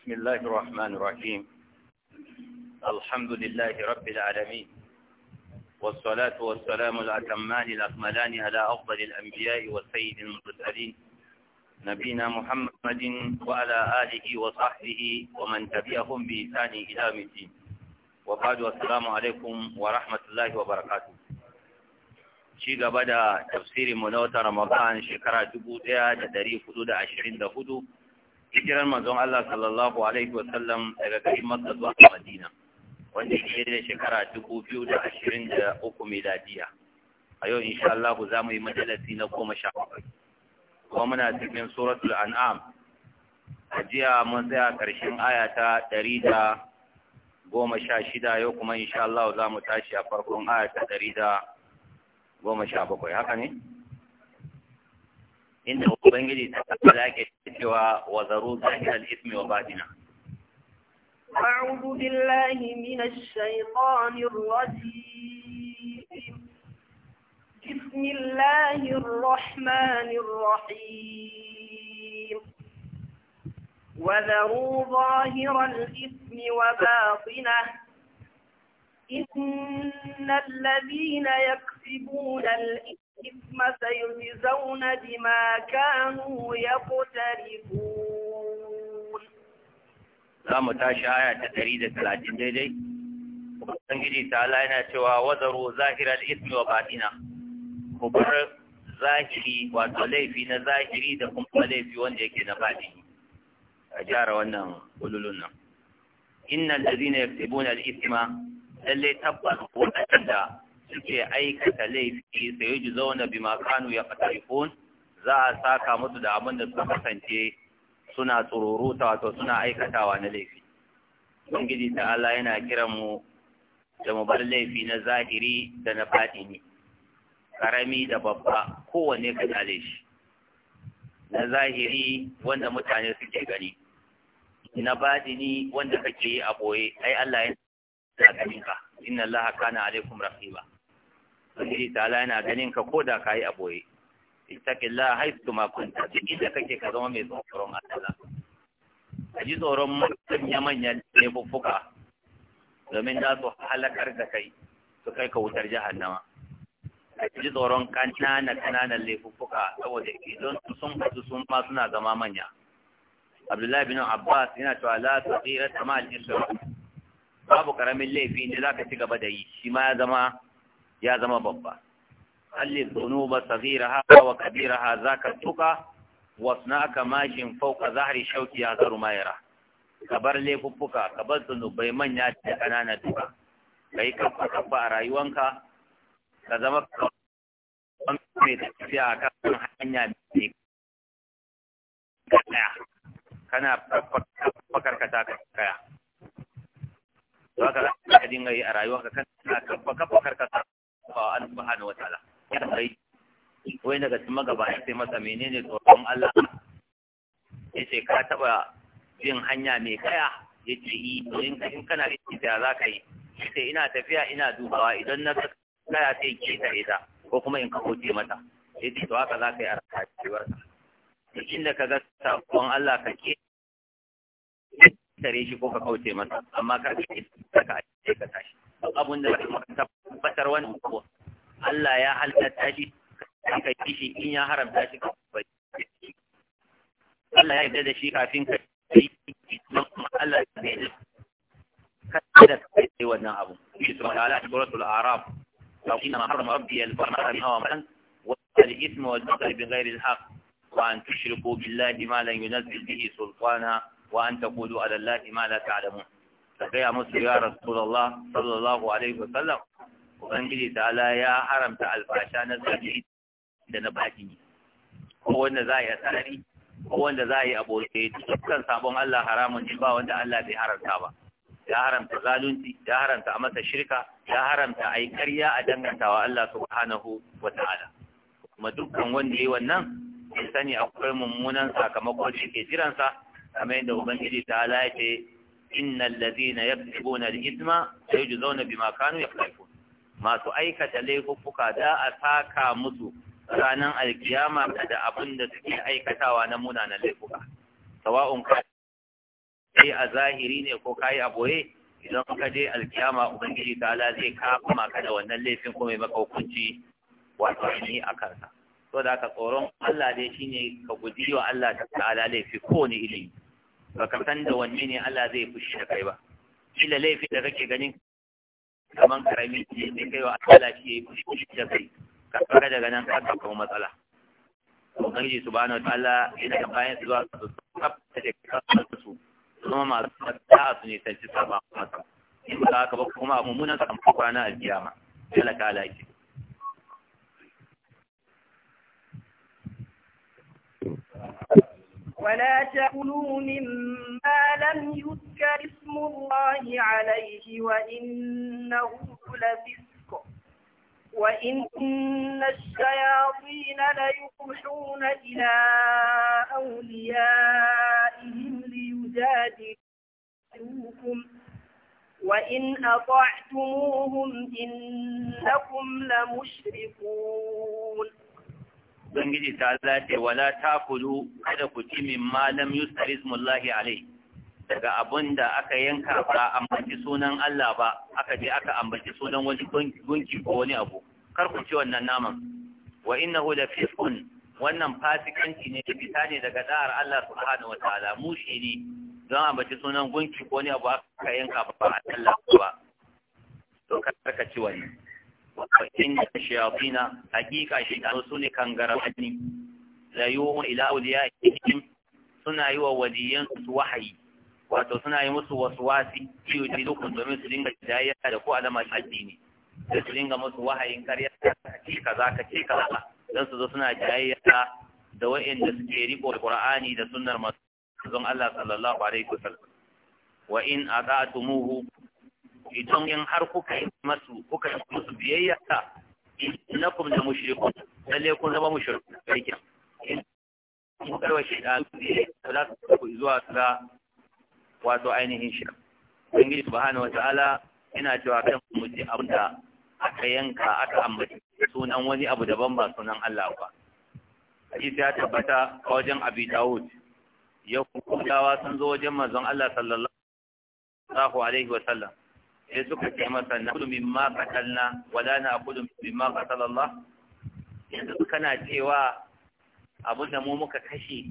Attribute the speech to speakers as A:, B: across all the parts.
A: بسم الله الرحمن الرحيم الحمد لله رب العالمين والصلاة والسلام الأتمان الأكملان على أفضل الأنبياء والسيد المرسلين نبينا محمد وعلى آله وصحبه ومن تبعهم بإحسان إلى الدين وبعد والسلام عليكم ورحمة الله وبركاته ci gaba da tafsirin mu na wata Ramadan shekara 1424 hijirar mazan Allah sallallahu alaihi wa daga garin Makka zuwa Madina wanda ke da shekara 2023 miladiya a yau insha Allah za mu yi majalasi na goma sha bakwai kuma muna cikin suratul an'am a jiya mun tsaya karshen aya ta ɗari da goma sha shida yau kuma insha Allah za mu tashi a farkon aya ta ɗari da goma sha bakwai haka ne? ان ubangiji ta kalla ke cewa wa zaru zahiral
B: أعوذ بالله من الشيطان الرجيم بسم الله الرحمن الرحيم وذروا ظاهر الإثم وباطنه إن الذين يكسبون الإثم إثم سيجزون بما كانوا يقترفون
A: لما تاشي آية تريد ثلاثين ديدي Ubangiji ta yana cewa wazaru zahirar ismi wa baɗina. ku bar zahiri wato laifi na zahiri da kuma laifi wanda yake na baɗi. A gyara wannan ululun nan. Innan da zina ya fi lallai tabbas waɗanda suke aikata laifi sai yi zauna bi makanu ya fatarifun za a saka musu da abin da suka kasance suna ta wato suna aikatawa na laifi ubangiji ta Allah yana kiran mu da mu bar laifi na zahiri da na ne. karami da babba kowanne ka dale shi na zahiri wanda mutane suke gani na batini wanda kake yi a boye ai Allah yana ganin ka inna Allah kana alaikum rahima. ubangiji ta'ala yana ganin ka ko da kayi a boye ittaqillah haythu ma kunta duk inda kake ka zama mai tsoron Allah ka ji tsoron manya manyan bufuka domin za su halakar da kai su kai ka wutar jahannama ka ji tsoron kanana kananan laifuffuka saboda idan sun su sun ma suna zama manya abdullahi bin abbas yana cewa la tsira ta ma babu karamin laifi ne za ka ci gaba da yi shi ma ya zama ya zama babba alli dhunuba saghiraha wa kabiraha zaka tuka wasna'aka mashin fawqa zahri shauki ya zaru mayra kabar laifuffuka kabar zunubai manya da kanana duka kai kafa kafa a rayuwanka ka zama mai tafiya a kan hanya mai kaya kana fakarkata ka kaya to haka za ka dinga yi a rayuwarka kana kafa kafa karkata wa Allah subhanahu wa ta'ala wai daga cikin magabata sai masa menene tsoron Allah yace ka taba bin hanya mai kaya yace yi in in kana tafiya za ka yi sai ina tafiya ina dubawa idan na kaya sai ke ta ita ko kuma in ka ce mata yace to haka za ka yi a rakaciwar ka inda ka ga sakon Allah ka ke tare shi ko ka kauce masa amma ka ka ka tashi abun da ka fatar wannan abu Allah ya halatta shi ka yi shi in ya haramta shi ka Allah ya yarda da shi kafin ka yi kuma Allah ya yarda kada ka yi wannan abu shi subhanahu wa ta'ala suratul a'raf law inna harrama rabbi al-farma min hawa man والإثم والبغي بغير الحق وأن تشركوا بالله ما لن ينزل به سلطانا وأن تقولوا على الله ما لا تعلمون Ka مسلم يا رسول الله Sallallahu alaihi wa sallam? ubangiji ala ya haramta alfasha na zahiri da na batini ko wanda za a yi sarari ko wanda za a yi abokai dukkan sabon Allah haramun ne ba wanda Allah bai haramta ba ya haramta zalunci ya haramta a masa shirka ya haramta a yi karya a dangantawa Allah subhanahu wa ta'ala kuma dukkan wanda ya yi wannan ya sani akwai mummunan sakamakon da ke jiransa kamar yadda ubangiji ta halaye innal ladina sai al zauna sayujzauna bima kanu yaktubun masu aikata laifuka da a saka musu ranar alkiyama da abin da suke aikatawa na munanan laifuka sawa'un ka yi a zahiri ne ko ka yi a boye idan ka je alkiyama ubangiji ta ala zai kafa maka da wannan laifin kuma maka hukunci wato ni a kansa So da ka tsoron Allah dai shine ka guji wa Allah ala laifi ko ne ilimi ka san da wanne ne Allah zai fushi da kai ba shi da laifin da kake ganin kaman karami ce mai kai wa asala shi yayi kushi da kai ka daga nan ka kuma matsala ubangiji subhanahu wa ta'ala yana da bayan zuwa su tsaftace kansu kuma masu tsafta su ne sai su sabon masa in ba haka ba kuma mummunan jiya ma alkiyama talaka alaki
B: ولا تأكلوا مما لم يذكر اسم الله عليه وإنه لفسق وإن الشياطين ليوحون إلى أوليائهم ليجادلوكم وإن أطعتموهم إنكم لمشركون
A: ubangiji ta zace wala kudu kada ku ci min malam yusuf, yustarizmullahi alai daga abun da aka yanka ba ambaci sunan Allah ba aka je aka ambaci sunan wani gunki ko wani abu kar ku ci wannan naman wa hu da fiskun wannan fasikanci ne da fita ne daga da'ar Allah wata alamu mushi ne don ambaci sunan gunki ko wani abu aka yanka ba Allah ba to kar ka ci wannan inda shayatina hakika shi da su ne kangarani la yuhu ila awliyaihim suna yi wa waliyan su wahayi wato suna yi musu waswasi ciwo ji dukkan domin su dinga jayayya da ko alama addini sai su dinga musu wahayin karya ka ce kaza ka ce kaza dan su zo suna jayayya da wa'inda suke riko Qur'ani da sunnar manzon Allah sallallahu alaihi wasallam wa in ata'tumuhu idan in har kuka yi masu kuka yi musu biyayya kun da mushriku lalle kun zama mushriku aikin in kun karwa shida za su ku zuwa ga wato ainihin shirka ubangiji subhanahu wataala yana cewa kan mu ji abin da aka yanka aka ambaci sunan wani abu daban ba sunan Allah ba hadisi ya tabbata a wajen Abi daud ya hukuntawa sun zo wajen manzon Allah sallallahu alaihi wasallam sai suka ce masa na kudu min ma na wala na kudu min ma katal Allah yanzu kana cewa abin da mu muka kashe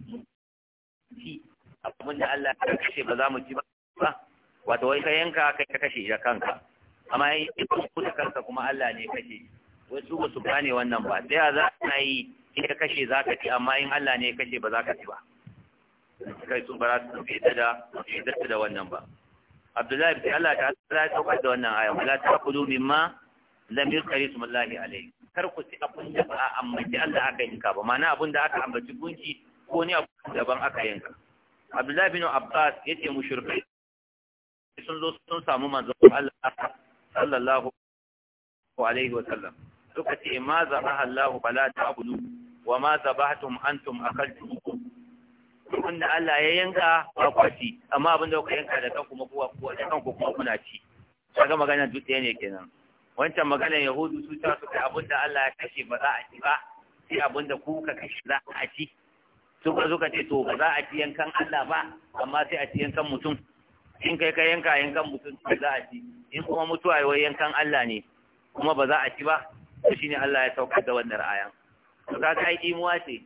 A: ci abin da Allah ya kashe ba za mu ci ba Wata wai ka yanka kai ka kashe da kanka amma yi kuta kansa kuma Allah ne kashe wai su ba su gane wannan ba sai za na yi in ka kashe za ka ci amma in Allah ne kashe ba za ka ci ba kai su ba za su fi da da wannan ba Abdullahi bin Allah ta Allah ya saukar da wannan ayan wala taqulu mimma lam yuzkar ismullahi alayhi kar ku ci abun da ba ambaci Allah aka yanka ba ma'ana abun da aka ambaci gunki ko ne abu daban aka yanka Abdullahi bin Abbas yace mushrikai sun zo sun samu manzon Allah sallallahu alaihi wa sallam suka ce ma zabaha Allah fala ta'budu wa ma zabahtum antum akaltum abin da Allah ya yanka ba kwa ci amma abin da kuka yanka da kanku kuma kuwa da kanku kuma kuna ci kaga magana duk ɗaya ne kenan wancan magana yahudu su ta ta abin da Allah ya kashe ba za a ci ba sai abin da ku ka kashe za a ci suka suka ce to ba za a ci yankan Allah ba amma sai a ci yankan mutum in kai ka yanka yankan mutum za a ci in kuma mutuwa wai yankan Allah ne kuma ba za a ci ba shi shine Allah ya saukar da wannan ayan Ka ka yi imuwa ce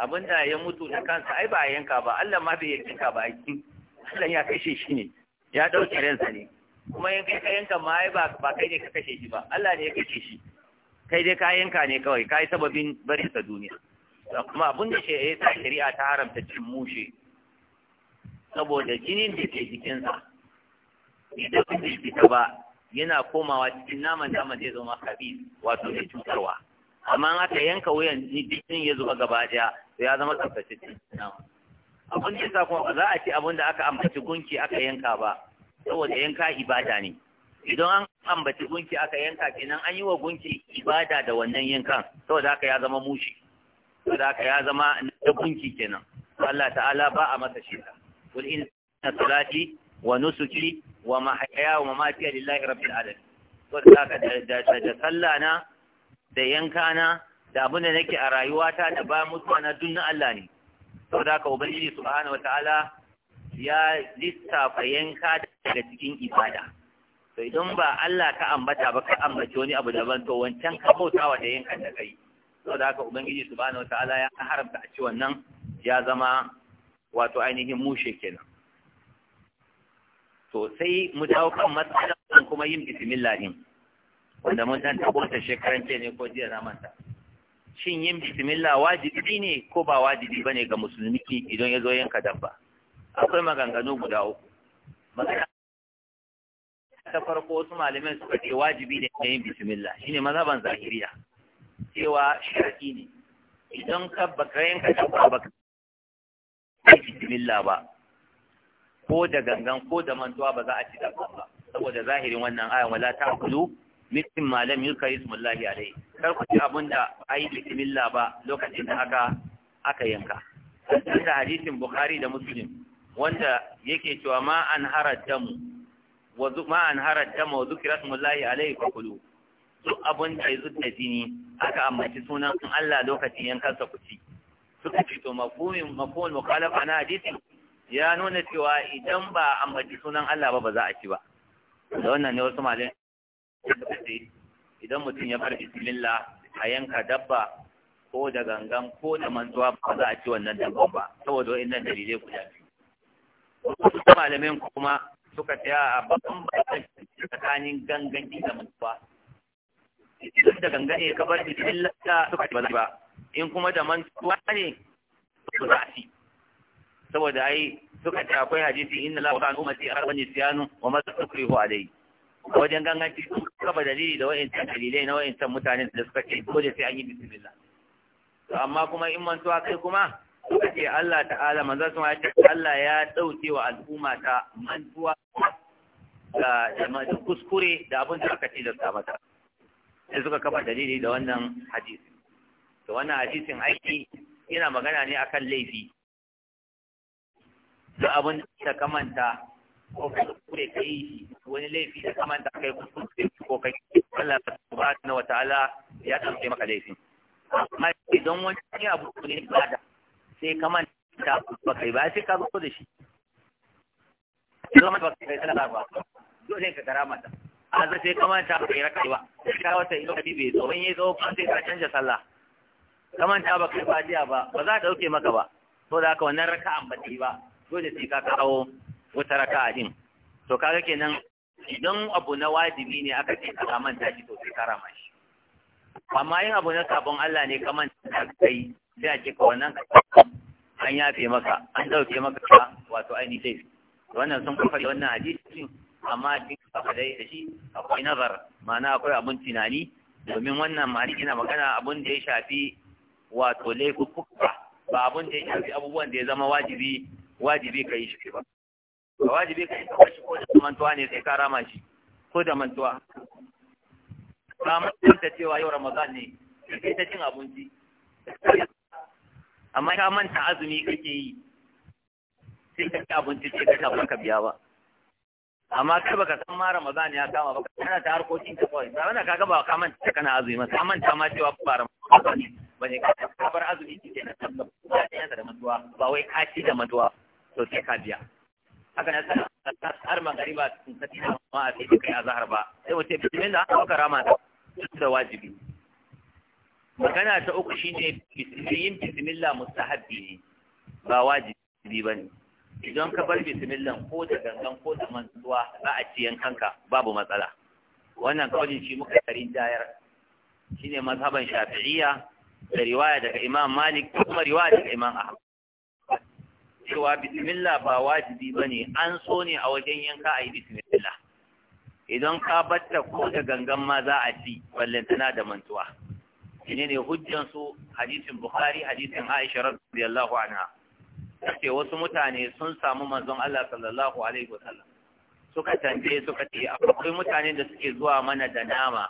A: abin da ya mutu da kansa ai ba a yanka ba Allah ma bai yanka ba aiki Allah ya kashe shi ne ya dauke ransa ne kuma in kai ka yanka ma ai ba ba kai ne ka kashe shi ba Allah ne ya kashe shi kai dai ka yanka ne kawai kai sababin barin sa duniya kuma abin da shi ya shari'a ta haramta cin mushe saboda jinin da ke jikinsa idan bai fita ba yana komawa cikin naman naman zai zama kabi wato da cutarwa amma in aka yanka wuyan jikin ya zuba gaba daya to ya zama tsaftace abin da yasa kuma za a ci abin da aka ambaci gunki aka yanka ba saboda yanka ibada ne idan an ambaci gunki aka yanka kenan an yi wa gunki ibada da wannan yankan saboda haka ya zama mushi saboda haka ya zama da gunki kenan Allah ta'ala ba a masa shi kul in salati wa nusuki wa mahaya wa mamati lillahi rabbil alamin saboda haka da da sallana da yankana da abin da nake a rayuwata da ba mutuwa na dunna Allah ne saboda haka ubangiji subhanahu wataala ya lissafa yanka daga cikin ibada Sai idan ba Allah ka ambata ba ka ambaci wani abu daban to wancan ka bautawa da yankan da kai saboda haka ubangiji subhanahu wataala ya haramta a ci wannan ya zama wato ainihin mushe kenan to sai mu dawo kan matsalar kuma yin bismillah wanda mun dan tabo ta shekaran ce ne ko jiya na manta shin yin bismillah wajibi ne ko ba wajibi bane ga musulmi idan ya zo yanka dabba akwai maganganu guda uku magana ta farko wasu malamai suka ce wajibi ne ga yin bismillah shine mazhaban zahiriya cewa shar'i ne idan ka baka yanka dabba baka bismillah ba ko da gangan ko da mantuwa ba za a ci dabba ba saboda zahirin wannan ayan wala ta'kulu mitin malam yuka yi sumullahi a dai kar ku ci abin da a yi bisimilla ba lokacin da aka aka yanka sannan da hadisin bukhari da muslim wanda yake cewa ma an harar damu wa ma an harar damu wa zukira sumullahi a dai fakulu duk abin da ya zubda jini aka ambaci sunan Allah lokacin yankan sa ci suka ce to mafhumin mafhumul mukhalafa na hadisin ya nuna cewa idan ba ambaci sunan Allah ba ba za a ci ba da wannan ne wasu malamai idan mutum ya bar bismillah a yanka dabba ko da gangan ko da mantuwa ba za a ci wannan dabba ba saboda wa'annan dalilai guda biyu wasu malamin kuma suka taya a babban bayan tsakanin gangan da mantuwa idan da gangan ne ka bar bismillah suka ci ba ba in kuma da mantuwa ne su za a ci saboda ai suka ce akwai hadisi inna la wa'an ummati arba nisyanu wa ma tasrifu alayhi wajen ganganci sun kafa dalili da wa'incan dalilai na wa'incan mutanen da suka ce da sai an yi bismillah to amma kuma in mantuwa kai kuma suka ce Allah ta'ala manzo sun ce Allah ya dauke wa al'umma ta mantuwa da da kuskure da abin da aka ce da ta mata sai suka kafa dalili da wannan hadisi to wannan hadisin aiki yana magana ne akan laifi da abin da kamanta ko kai kuskure ka yi wani laifi da kamanta kai kuma kuskure ko kai Allah subhanahu wa ta'ala ya dauke maka laifin amma idan wani abu ne ba da sai kamanta ba kai ba sai ka zo da shi zama ba kai sallah ba dole ka karama ta azza sai kamanta ka kai raka ba ka wata ido kabi bai zo in yayi zo sai ka canja sallah kamanta ba kai fadiya ba ba za ta dauke maka ba to da haka wannan raka'an ba ta yi ba dole sai ka kawo wata raka'a din to kaga kenan idan abu na wajibi ne aka ce ka manta shi to sai karama shi amma yin abu na sabon Allah ne kaman ta kai sai a ce ka wannan an yafe maka an dauke maka ka wato ainihin wannan sun kafa wannan hadisi amma cikin kafa da shi akwai nazar ma'ana akwai abun tunani domin wannan mali ina magana abun da ya shafi wato laifuka ba abun da ya shafi abubuwan da ya zama wajibi wajibi ka yi shi ba ba wajibi ka ka shi ko da mantuwa ne sai ka rama shi ko da mantuwa ka manta cewa yau ramadan ne sai ta cin abinci amma ka manta azumi kake yi sai ka ci abinci sai ka tafi ka biya ba amma kai baka san ma ramadan ya kama ba kana ta harkokin ta kawai ba wanda kaga ba ka manta kana azumi ba ka manta ma cewa ba ramadan ba ne ka bar azumi ke na tabbata ba da mantuwa ba wai ka ci da mantuwa to sai ka biya haka nan sana har ba sun ka tina ma a sai kai azhar ba sai wace bismillah haka ka rama ta da wajibi magana ta uku shine yin bismillah mustahabbi ne ba wajibi bane idan ka bar bismillah ko da gangan ko da mantuwa za a ci yankanka babu matsala wannan kaulin shi muka tarin dayar shine mazhaban shafi'iyya da riwaya daga imam malik kuma riwaya daga imam ahmad cewa bismillah ba wajibi ba ne an so ne a wajen yanka a yi bismillah idan ka batta ko da gangan ma za a ci ballantana da mantuwa shine ne su hadisin bukhari hadisin aisha radiyallahu anha ce wasu mutane sun samu manzon Allah sallallahu alaihi wasallam suka tambaye suka ce akwai mutane da suke zuwa mana da nama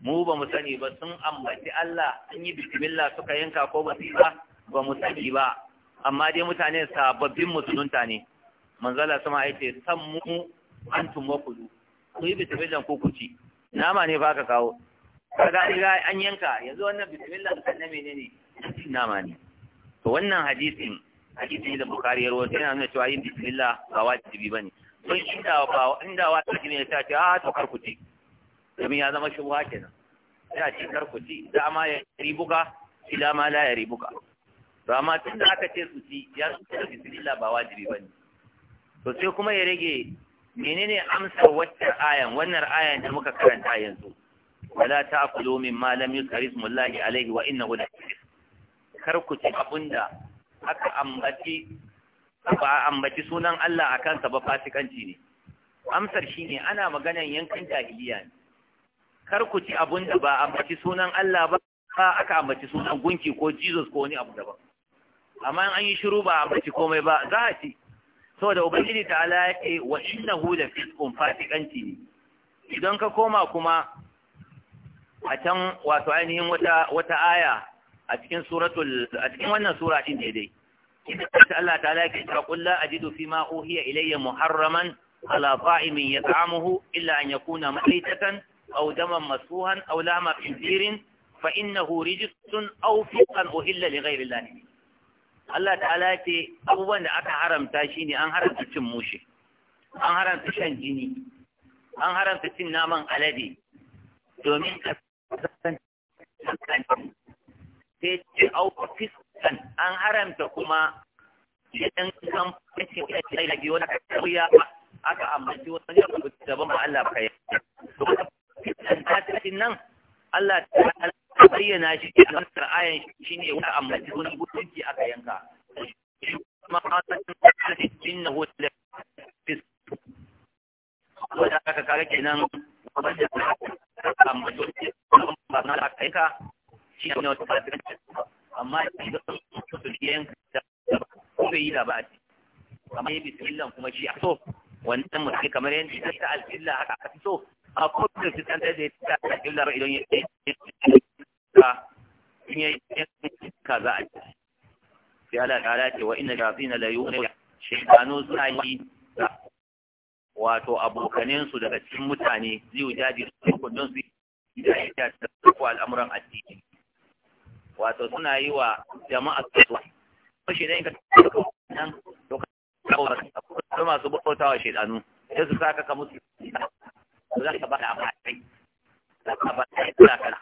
A: mu ba mu sani ba sun ambaci Allah sun yi bismillah suka yanka ko ba su ba ba mu sani ba amma dai mutane sababbin musulunta ne manzala sama ya ce san mu an wa kudu ku yi bisimillan ko kuci nama ne ba ka kawo kaga riga an yanka yanzu wannan bisimillan kan na menene nama ne to wannan hadisin hadisi da bukhari ya rawaito yana nuna cewa yin bismillah ba wajibi bane
B: don inda ba
A: inda wajibi ne ta ce a ah, to kar ku ci domin ya zama shubha kenan ya ce kar ku ci da ya ribuka ila ma la ya ribuka to amma tun da aka ce su ci ya su da bismillah ba wajibi ba ne to sai kuma ya rage menene amsar wacce ayan wannan ayan da muka karanta yanzu wala ta'kulu mimma lam yuzkar ismullahi alayhi wa innahu la kar ku ci abunda aka ambaci ba ambaci sunan Allah akan sa ba fasikanci ne amsar shi ne ana maganan yankan jahiliya ne kar ku ci abunda ba ambaci sunan Allah ba aka ambaci sunan gunki ko Jesus ko wani abu daban amma an yi shiru ba a ci komai ba za a ci saboda ubangiji ta ala ya ce wa innahu la fiskun fasikanci ne idan ka koma kuma a can wato ainihin wata wata aya a cikin suratul a cikin wannan sura din daidai idan Allah ta ala ya ce qul la ajidu fi ma uhiya ilayya muharraman ala ta'imin yat'amuhu illa an yakuna maytatan aw daman masfuhan aw lahma khinzirin fa innahu rijsun aw fiqan uhilla li ghayri Allah Allah ta'ala ce abubuwan da aka haramta shi ne an haramta cin mushe an haramta shan jini an haramta cin naman alade domin ka san sai ce aukwa an haramta kuma idan kan fashe wani tsaye da biyu wani kasuwa aka ambaci wani yau da ba Allah ka yi. Duk da fiskan ta nan Allah ta'ala bayyana shi a nasar ayan shi ne wani ambaci wani butunci aka yanka kuma aka kare kenan ambaci ba na aka yanka shi ne amma da kuma yi da ba a ci amma yi bisimillan kuma shi a so wannan mutum kamar yadda ta alfilla haka a so a kowace da ya ta alfilla ba idan ya sa in ya yi ka za a ci sai Allah ta halace wa inna shafina la yuqri yi sai wato abokanin daga cikin mutane zai wujaji su kundin su da ya ta tsakwa al'amuran addini wato suna yi wa jama'a kasuwa ko shi dai ka tsaka nan to ka ko masu bautawa shaytanu sai su saka ka musu za ka ba da afatai za ka ba da kala kala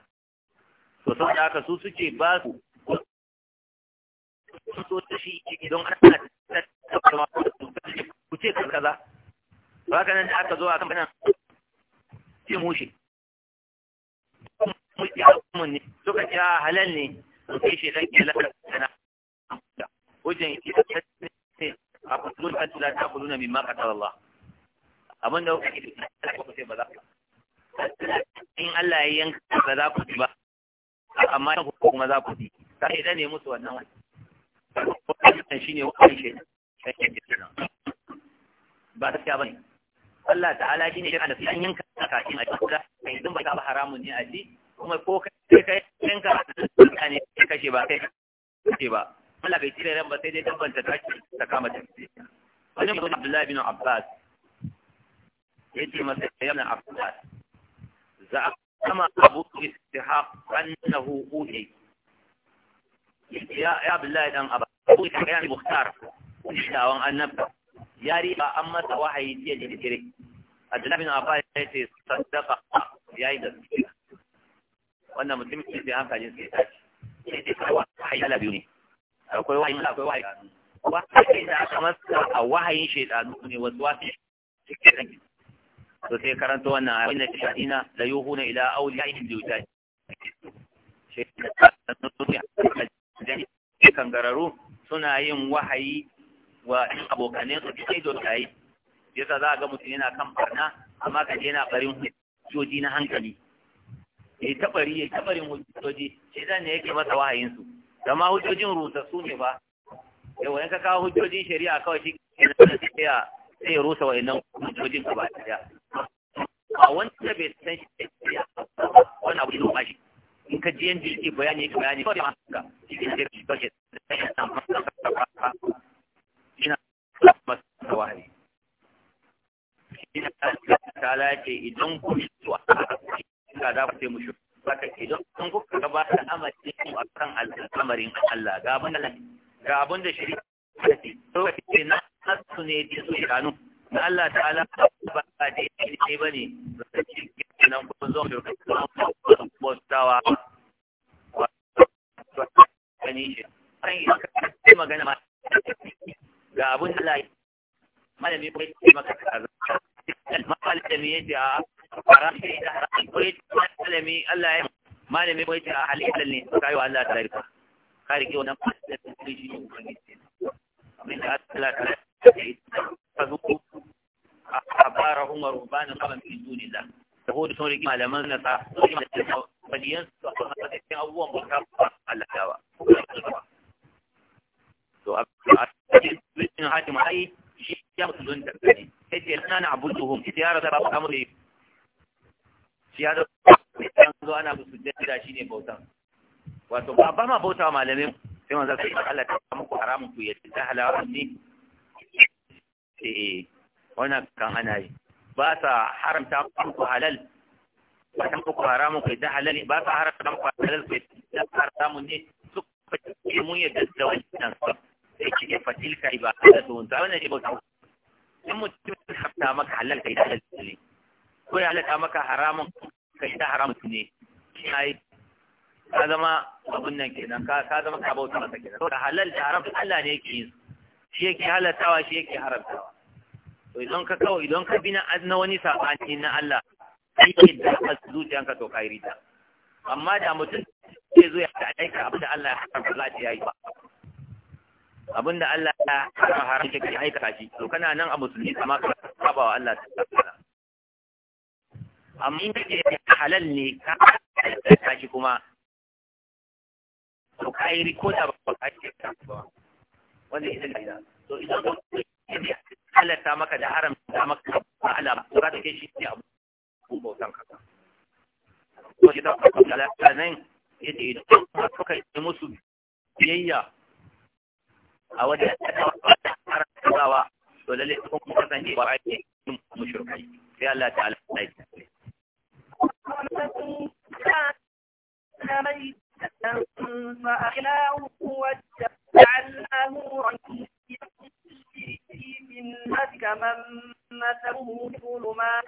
A: to saboda haka su suke ba su so ta shi idan ana kana tattara ku ce kan kaza ba ka nan da aka zo a kan kamfanin ce mushe mushe a kuma ne to suka ce ah, halal ne su kai shi ɗan kila sana wajen ita ta ne eh, a kusurin kan tula ta kuluna min maka tara Allah abin da kuka ce ba za ku in Allah ya yanka ba za ku ci ba amma yan ku kuma za ku bi ka idan ne musu wannan wannan shine wannan shi ne ba ba ne. Allah ta'ala shine ya kana an yanka kafin a cikin kai idan ba ka haramun ne a ci kuma ko kai kai yanka ne kashe ba kai kashe ba Allah bai cire ran ba sai dai tabbanta ta ta kama ta wani mutum Abdullahi bin Abbas yace masa ya ibn Abbas za a? kama abu istihaq annahu uhi ya ya billahi dan aba abu kayan muhtar tawan annabta ya riba an masa wahayi jiya da dare Abdullah bin Abba ya ce sadaka yayi gaskiya wannan mutumin sai hankalin sai tashi sai dai kawai wahayi ala biyu ne akwai wahayi akwai wahayi wahayi da aka masa a wahayin shaidanu to sai karanta wannan ayoyin da ina da yuhu na ila auli auliya'ihim liwtani kangararu suna yin wahayi wa abokanin su sai don yi yasa za a ga mutum yana kan barna amma ka je na barin hujjoji na hankali ya yi tabari ya yi barin hujjoji shedan ne yake masa wahayin su amma hujjojin rusa su ne ba yau in ka kawo hujjojin shari'a kawai shi ke sai ya rusa wa'annan hujjojin ka ba daya a wanda bai san shi ya wani abu ne bashi in ka ji yanzu shi bayani yake bayani kawai ma suka shi ne zai ba shi da ya san ina masa wahayi ina ta lace idan ku zuwa ga za ku sai mu shi baka idan kuka gabata amince ku akan al'amarin Allah ga abin da ga abin ta ce na nasu ne da su shanu na Allah ta'ala malaman nasa waliyan su a kan cikin abubuwan bauta ba Allah dawa to a cikin hatima ai shi ya musulun da gani sai ce lana na abuduhum ita ya rasa babu kamar shi ya rasa an zo ana musu da shi ne bautan wato ba ba ma bauta malamin sai manzo sai Allah ta muku haramun ku yadda ta halawa ne eh wannan kan ana yi ba sa haramta muku halal ba ta ku haramun kai da halali ba ta haramun ku halal kai da haramun ne su ke mun yadda da wannan sa sai ki ke fatilka ibadatu ta wannan ibadatu in mutum ya hafta maka halal kai da halali ko ya halaka maka haramun kai da haramun ne ya yi? ka zama abun nan kenan ka ka zama ka bauta masa kenan saboda halal da haram Allah ne yake yin shi yake halatawa shi yake haramtawa to idan ka kawo idan ka bi na wani sabani na Allah aikin da aka zuciyanka to kai rita amma da mutum ke zo ya aika abin da Allah ya haramta za ta yi ba abin da Allah ya haramta ka aika shi to kana nan a musulmi amma ka saba wa Allah ta tsara amma in kace halal ne ka aika shi kuma to kai riko da ba ka aika ba wanda ita da to idan ka halatta maka da haramta maka Allah ba za ta kai shi abu kun bautan kasa ko shi da kuma talaka nan yadda idan kuma suka yi musu biyayya a wajen harkawa to lalle sun kuma kasance ba a yi mushrikai sai Allah ta'ala ya
B: yi فأخلاه وجعلناه رجيا في الناس كمن مثله في الظلمات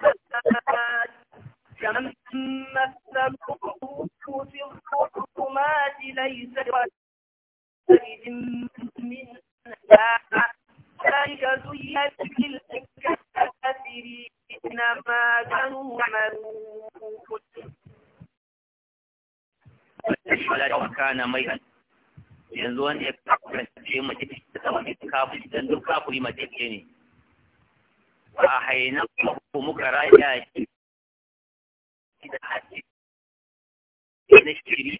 B: كمن في الظلمات ليس بخارج منها ذلك زين للكافرين ما كانوا يعملون
A: وكان ميتا yanzu wanda ya kafirce mace ta zama ne kafirce dan duk kafiri mace ce ne a haina ku muka raya shi
B: da haƙi na shiri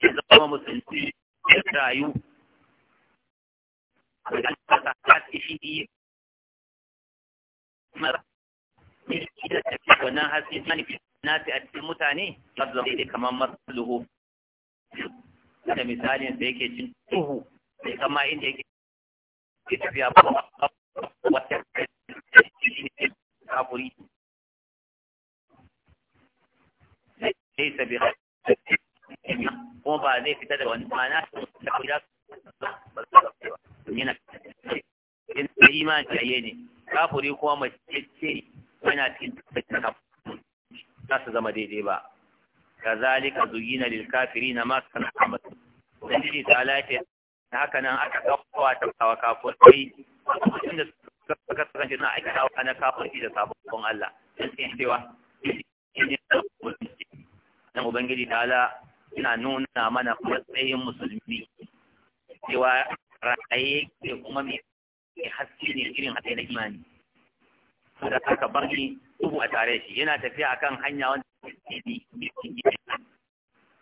B: ya zama musulmi ya rayu a ga ta shi mara ne shi da tafi wannan haske na
A: nasi a cikin mutane mazza zai kamar masluhu da misalin da yake cin tuhu sai kama inda yake ke tafiya ba wata kafuri sai sabi kuma ba zai fita da wani mana da kuda yana in imani ne kafuri kuma mace ce yana cikin tafiya za su zama daidai ba kazalika zuyina na masu ma kana amal dan shi ta lafiya haka nan aka kawo ta kawo kafirai inda suka kasance na aiki kawo ana kafofi da sabon Allah dan sai cewa dan ubangiji ta ala ina nuna mana matsayin musulmi cewa ra'ayi ke kuma mai haske ne irin haɗe na imani saboda haka ni. Tubu a tare shi yana tafiya akan hanya wanda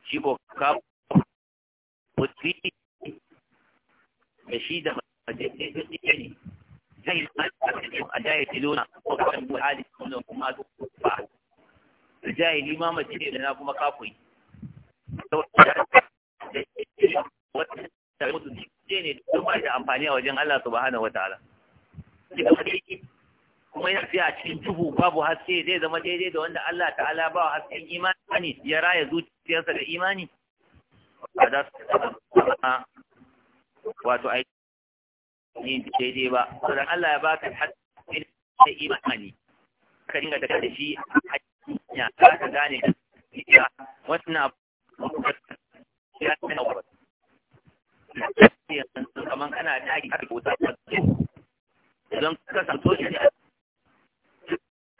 A: shi ko ka mutsi da shi da zai a daya ko kasan buhari sunan kuma ba ma da na kuma da mutu ne da amfani a wajen Allah subhanahu wa kuma ya tsaya a cikin duhu babu haske zai zama daidai da wanda Allah ta'ala ba wa hasken imani ya raya zuciyarsa da imani ba za su zama wato yi ne daidai ba saboda Allah ya baka hasken da imani ka dinga daga da shi hanya za ka gane gaskiya wannan abu ya Na wa kamar kana daki har ko ta don ka san da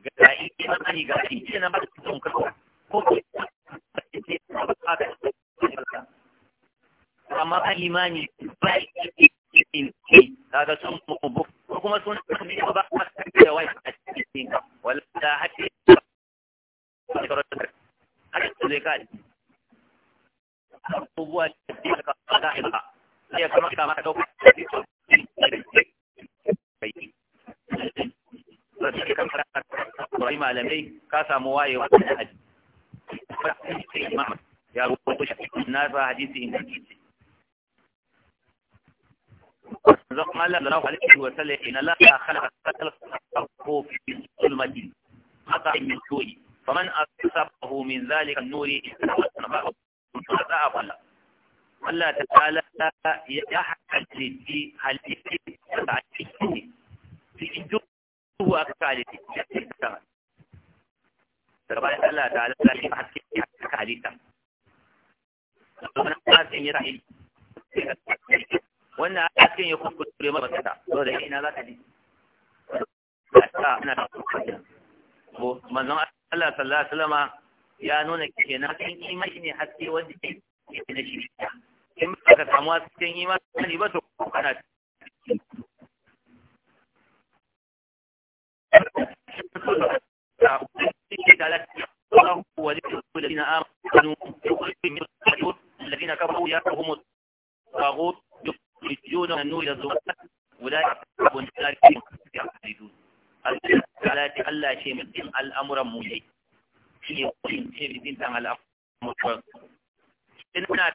A: ga imani ga ita na ba ta tun kawo ko amma ba imani ba kaga sun mubu ko kuma sun ne ba ba da wai a cikin wala hatta hatta zai kai abubuwa da ka fada ila ya kuma ka maka dauka to da kan fara malamai ka samu wayewa da hadisi ya rubuta shi na sa hadisi in hadisi زقم الله الله عليه وسلم إن الله خلق خلقه في ظلمة قطع من سوء فمن أصابه من ذلك النور فأضاء فلا الله تعالى يحدد في هل في الدنيا duhu aka sa halitta sama daga bayan Allah ta halitta shi haske aka halitta wannan hasken ya rahi wannan hasken ya kuskure mabata so da ina za ka ji ana da kuskure manzon Allah sallallahu alaihi wasallama ya nuna kenan kan imani ne haske wanda na shirya in ka samu hasken ba والذين آمنوا الذين كفروا يأتهم الطاغوت يخرجون من النور إلى الظلمات أولئك أصحاب النار هم يخلدون على الله شيء من الأمر موجي شيء من شيء من عن الأمر إننا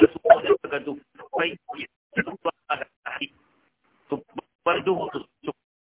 A: تسوق تقدم في تبرده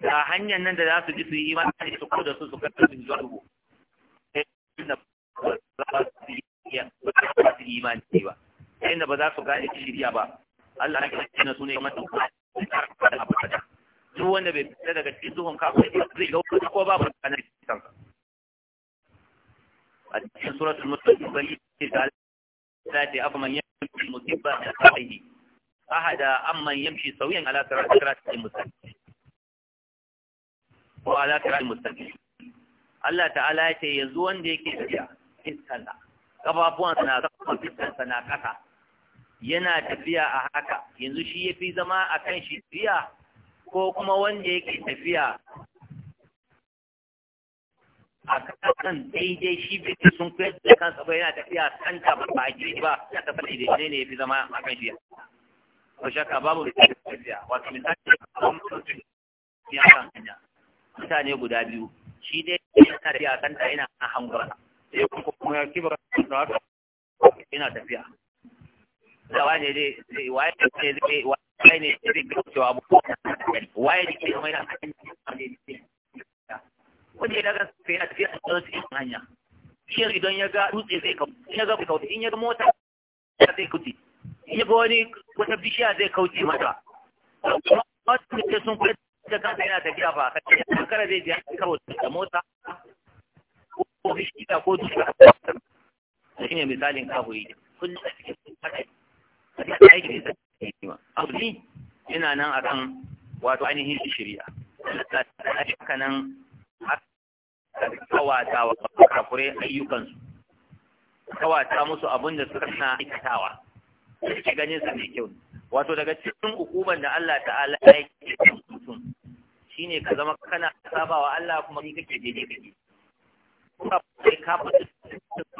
A: da hanyar nan da za su ji su yi imani su ko da su su karɓi su yi zuwa su yi ba Sai inda ba za su gane shirya ba Allah ya kace na sune kamar da abu da duk wanda bai fita daga cikin duhun kafin zai ga wata ko babu kanar cikin sa a cikin suratul mutaffifin bali ta zati afa man yamshi musibba da sahihi ahada amman yamshi sawiyan ala siratil mustaqim ko ala al mustaqim Allah ta'ala ya ce yanzu wanda yake tafiya fiskansa kafafuwansa na sama fiskansa na kasa yana tafiya a haka yanzu shi yafi zama akan shi tafiya ko kuma wanda yake tafiya a kan daidai shi bikin sun kuyar da kansa ba yana tafiya kan ta ba a gidi ba ya tafi da ne ya fi zama a kan shiya ko shaka babu da tafiya wato misali a kan mutum ya kan hanya mutane guda biyu shi dai yana tafiya kan ina yana hangwa sai kuma ya kibar da haka Ina tafiya da wane ne zai waye ne zai waye ne zai kaucewa abu waye ne zai mai na wanda ya daga sai yana tafiya a tsarsu hanya shi idan ya ga dutse zai kauce in ya ga kauce in ya ga mota zai kauce in ya ga wani wata bishiya zai kauce mata wasu ne sun kwaita da kansa yana tafiya ba ka ce kankara zai je karo da mota ko bishiya ko duka shi ne misalin kafuri kullum a cikin aiki da aiki ma abu ne yana nan akan wato ainihin shirya haka nan kawata wa kafure ayyukansu kawata musu abin da suka na aikatawa suke ganin su mai kyau wato daga cikin hukuman da Allah ta'ala ya yi mutum shine ka zama kana sabawa Allah kuma ni kake daidai kake kuma kai ka fata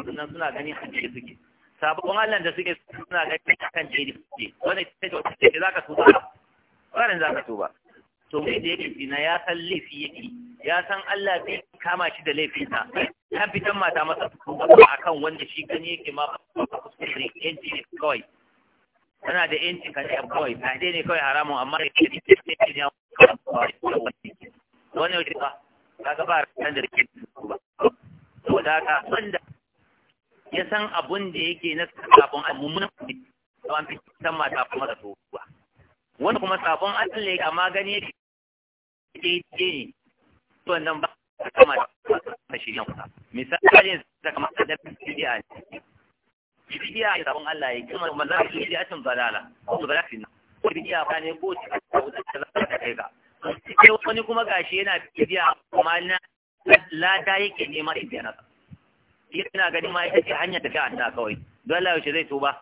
A: sunan suna gani a cikin suke sabon Allah da suke suna gani kan daidai suke wanda ta ce wata ce zaka tuba wannan zaka tuba to mai da yake ina ya san laifi yake ya san Allah zai kama shi da laifinsa Ya fitan mata masa a kan wanda shi gani yake ma kuskure yanci ne kawai tana da yanci kan shi kawai ta dai ne kawai haramun amma ya ce ne ke wani wannan riba ta ga ba ran da su ba saboda ka wanda ya san abun da yake na sabon mummunan da an fi san mata kuma da tsohuwa wanda kuma sabon Allah ya amma gani yake ne to wannan ba ta kama da shirya kuma misalin da kama da bidiya ne bidiya sabon Allah ya kuma manzara bidiya tun balala ko balala ko bi iya bane ko ci ka da zaka kai ka sai wani kuma gashi yana biya kuma na lada yake nema ibiya nasa yana ganin ma ita ce hanyar tafiya Allah kawai don Allah yaushe zai tuba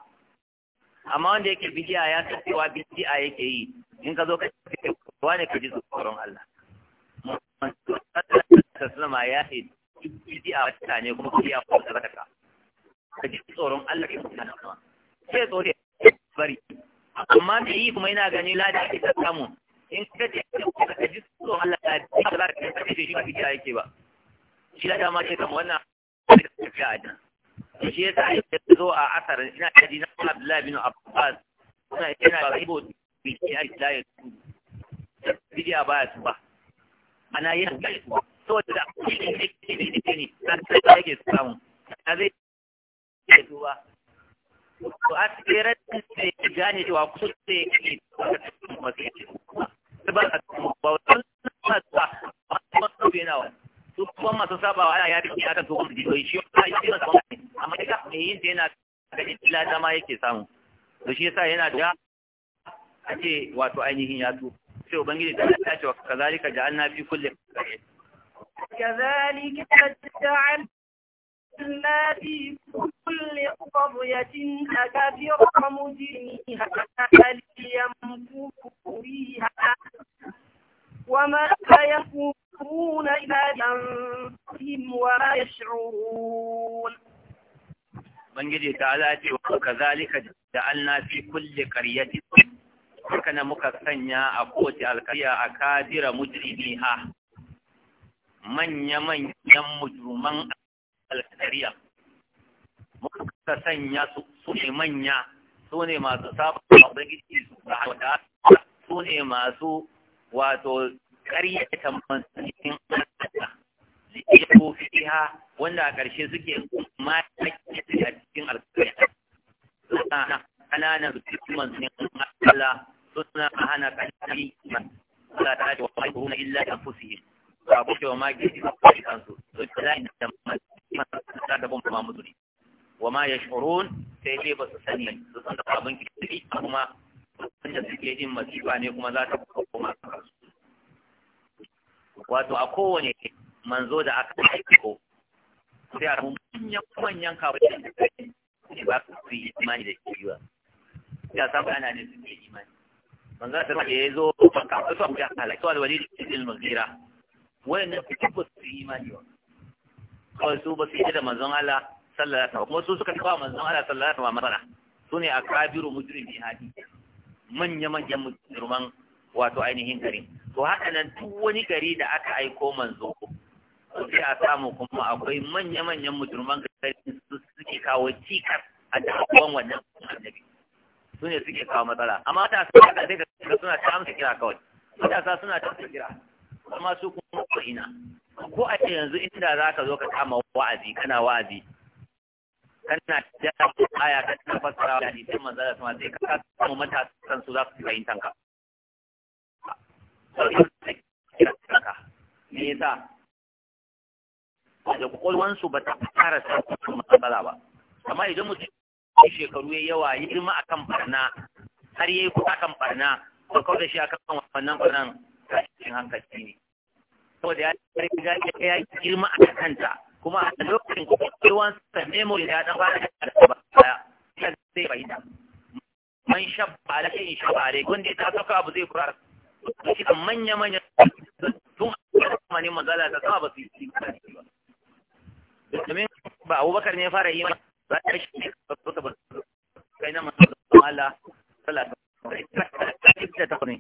A: amma wanda yake bidiya ya san cewa bidiya yake yi in ka zo ka ce kowa ne ka ji tsoron Allah sallama ya ce bidiya wata ne kuma bidiya ko sadaka ka ji tsoron Allah ke kuma sai tsore bari amma da yi kuma yana gani lada ake ta samu in ka ce ka ka ji tsoro Allah ta ji ka za ka kace shi ba kija yake ba shi da ma ce kamar wannan ka a dan shi yasa ya zo a asar ina ta ji na Abdullahi bin Abbas ina ina ba ibo bi ya da ya bidiya ba su ba ana yin gaisu saboda shi ne ne ne da ne ne ne ne ne ne ne da ne ne ne ne to a tsere da ya gane cewa kusa da ya ke da masu yake ba a ba wani na zuwa masu yana wani su kuma masu saba wa ana ya fi yata to kuma jiyoyi shi wani ya fi yata amma ya mai yin da yana da ila dama yake samu to shi yasa yana da a ce wato ainihin ya tu sai ubangiji ta ta ce wa kazalika ja'alna fi kulli
B: kazalika ja'alna fi قرية أكبر مجرميها ليمكروا فيها وما يكفرون إلا بأنفسهم وما يشعرون
A: Ubangiji ta alaƙe wa kazalika da alna fi kulle ƙaryati haka na muka sanya a kowace alƙarya a kadira mujrimiha manya-manyan mujruman sanya su ne manya su ne masu saba da ubangiji su da su ne masu wato ƙaryata mansanin Allah suke ha wanda a ƙarshe suke mata a cikin alƙarya suna ƙananan su mansanin aure ba su sani su san da abin kirki kuma wanda suke jin masifa ne kuma za ta koma wato a kowane manzo da aka aiko sai a ramu manyan manyan kawai da ba su yi imani da shi ba ya samu ana ne suke imani manzo da ya zo banka su abu ya to alwali da cikin mazira wannan su ba su yi imani ba kawai su ba su yi da manzon Allah sallallahu alaihi kuma su suka kawo manzon Allah sallallahu alaihi wasallam su sune akabiru mujrimi hadi manya manyan mujriman wato ainihin gari to haka nan duk wani gari da aka aiko manzo sai a samu kuma akwai manya manyan mujriman gari su suke kawo cikar a dakon wannan annabi sune suke kawo matsala amma ta su ka suna ta amsa kira kawai matasa suna ta kira amma su kuma ko ina ko a yanzu inda za ka zo ka kama wa'azi kana wa'azi kana da aya ta tabbatar da ni da da sama sai ka samu matasan su za su yi tanka me yasa da kokolwan su ba ta fara samun matsala ba amma idan mutum shekaru ya yawa ya girma akan barna har yayi kuɗa kan barna ko kawai da shi akan wannan barnan cikin hankali ne saboda ya riga ya girma a kanta kuma a lokacin kwakwalwan sa memory ya dan fara da gaba ya zai fahimta man shabba kai shabba alai gundi ta saka abu zai fara shi kan manya-manya tun a zamanin mazala ta sama ba su yi domin ba abubakar ne fara yi ba ta shi ne ba su ba kai na masu ta salatu da ta ne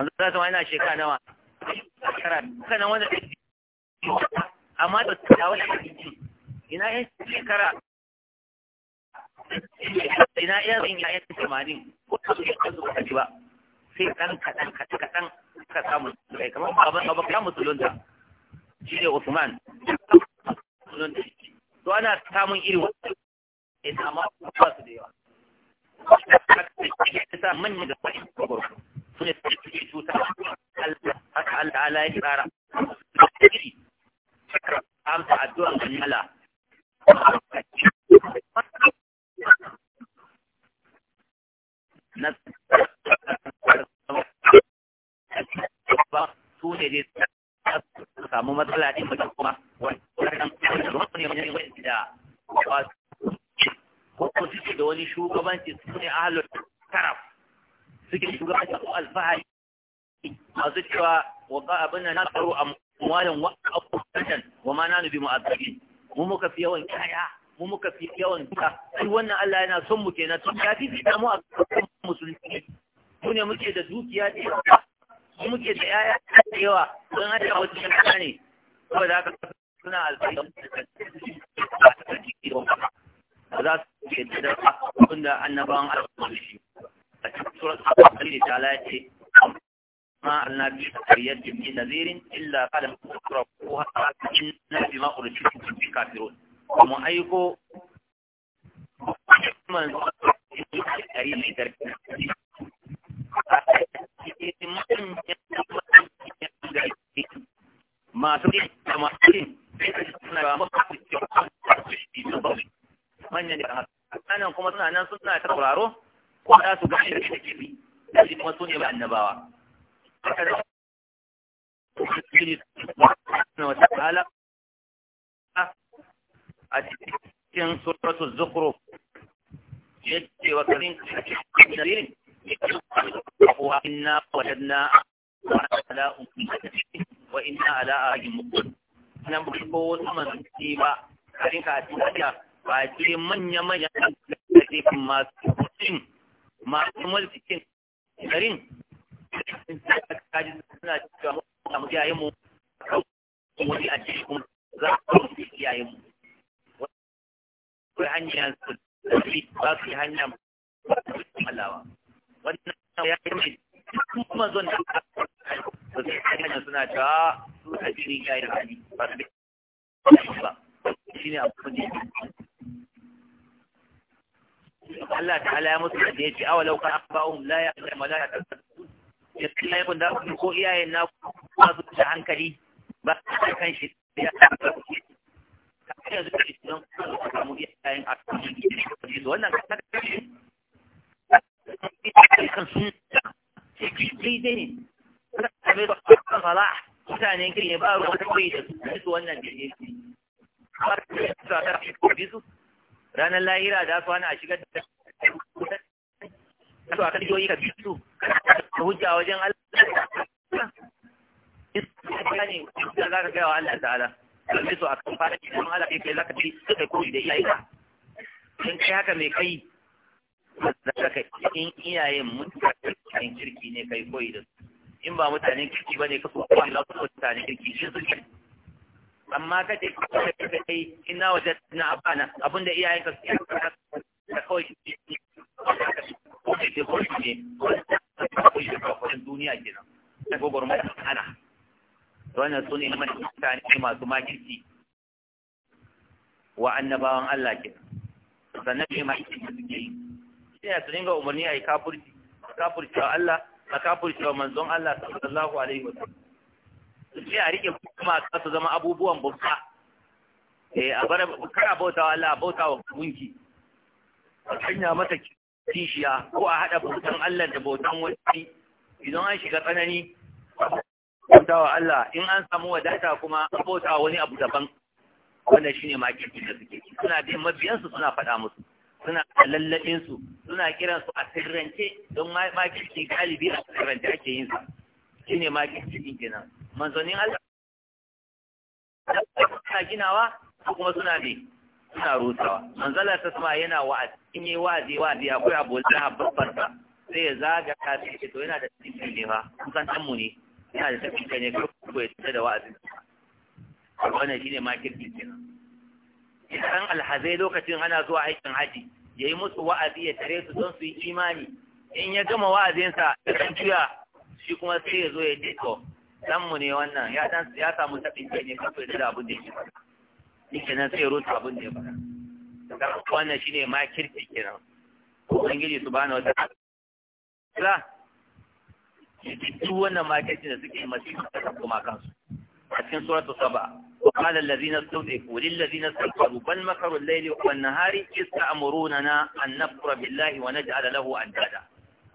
A: yanzu za su ma shekara nawa shekara kanan wanda ta amma da su da wani abinci ina yan shekara ina iya yan yin yayan tamanin ko ta zuwa kan zuwa kaji ba sai ɗan kaɗan kaɗan ka samu kai kamar baban baban ya musulunta shi ne Usman shi? to ana samun irin wannan ina eh, ma ba su da yawa ta sa manyan da sai ko su ne suke cuta Allah haka Allah ya tsara amsa addu'an Allah na ba su ne dai samu matsala ɗin mutum kuma wani da ko suke da wani shugabanci su ne ahalun taraf suke shugabanci ko alfahari masu cewa wa abin nan na tsaro a malan wa abudan wa ma nanu bi mu'azzabin mu muka fi yawan kaya mu muka fi yawan duka sai wannan Allah yana son mu kenan tun ya fi fita mu a kan musulmi mu ne muke da dukiya da yawa mu muke da yaya da yawa don haka wata shekara ne saboda haka suna alfahari ba za su ke da abin da annabawan alfahari a cikin surat al ne ta lalace ما أرنا في أريات من نذير إلا قال إن إنا بما أرسلتم في كافرون وما أيكو من أريد ترك ما تريد ما تريد manyan da haka kuma suna nan suna ta sauraro ko da su gashi da shi da kuma su ne ba annabawa
B: a cikin suratul zukhruf yace wa kadin kabirin
A: wa inna wajadna ala wa inna ala ahadin muqtad nan ko wasu manzi ba kadin ka tiya ba ce manya manya da ke masu cikin masu mulkin garin iyayen mu wani a cikin kuma za a kawo iyayen mu wani hanyar su tafi ba su yi hanyar malawa wannan ya yi mai kuma zon da ba su yi hanyar suna ta su a cikin iyayen hali ba su ba shi ne abu ne Allah ta'ala ya musu da ya ce awalau kan abba'uhum la ya'lamu la ya'lamu ya kai kun da ko iyayen na hankali ba a kan shi ya yanzu da don samu iya yayin a da wannan kasar kashi kan sun ne ta ba ba ruwa ta kai da su wannan har ta fi ranar lahira da su a shigar kai su a kan fara idan Allah kai kai zaka ci kai koyi da iyaye ka in kai haka mai kai zaka kai in iyaye kai kirki ne kai koyi da in ba mutanen kirki bane ka so ba Allah ko mutanen kirki shi su amma ka ce kai ina wajen na abana abinda iyayen ka su ka kawai ko ne ko ne ko ne ko ne duniya ko ta ko ne. wannan su ne mutane masu makirci wa annabawan Allah ke sannan ne makirci da suke yi shi ne su umarni a yi kafurci kafurci wa Allah a kafurci wa manzon Allah sallallahu alaihi wa sallam sai a rike kuma ka su zama abubuwan bauta eh a bar kana bauta wa Allah bauta wa gunki a sanya mata kishiya ko a hada bautan Allah da bautan wani idan an shiga tsanani bauta wa Allah in an samu wadata kuma an bauta wa wani abu daban wannan shine makirci da suke suna biyan mabiyansu suna faɗa musu suna lallabin su suna kiran su a sirrance don makirci galibi a sirrance ake yin sa shine makirci din gina manzonin Allah suna ginawa kuma suna ne suna rusawa manzala ta suma yana wa'azi in yi wa'azi wa'azi akwai abu da babbar sa sai ya zaga ta ce to yana da cikin ne ba kusan mu ne
B: yana da tafi ka
A: ne ko ya tsada da wa'azi. wannan shine makirci kenan idan alhazai lokacin ana zuwa aikin haji yayi musu wa'azi ya tare su don su yi imani in ya gama wa'azinsa da kan juya shi kuma sai ya zo ya dito dan mu ne wannan ya dan ya samu tabin kai ne kafa da abin da yake yake kenan sai rutu abin da ya fara da wannan shine makirci kenan ubangiji subhanahu wa ta'ala duk wannan makircin da suke masu kuma kansu a cikin suratu saba وقال الذين استضعفوا للذين استكبروا بل مكروا الليل والنهار إذ تأمروننا أن نكفر بالله ونجعل له أندادا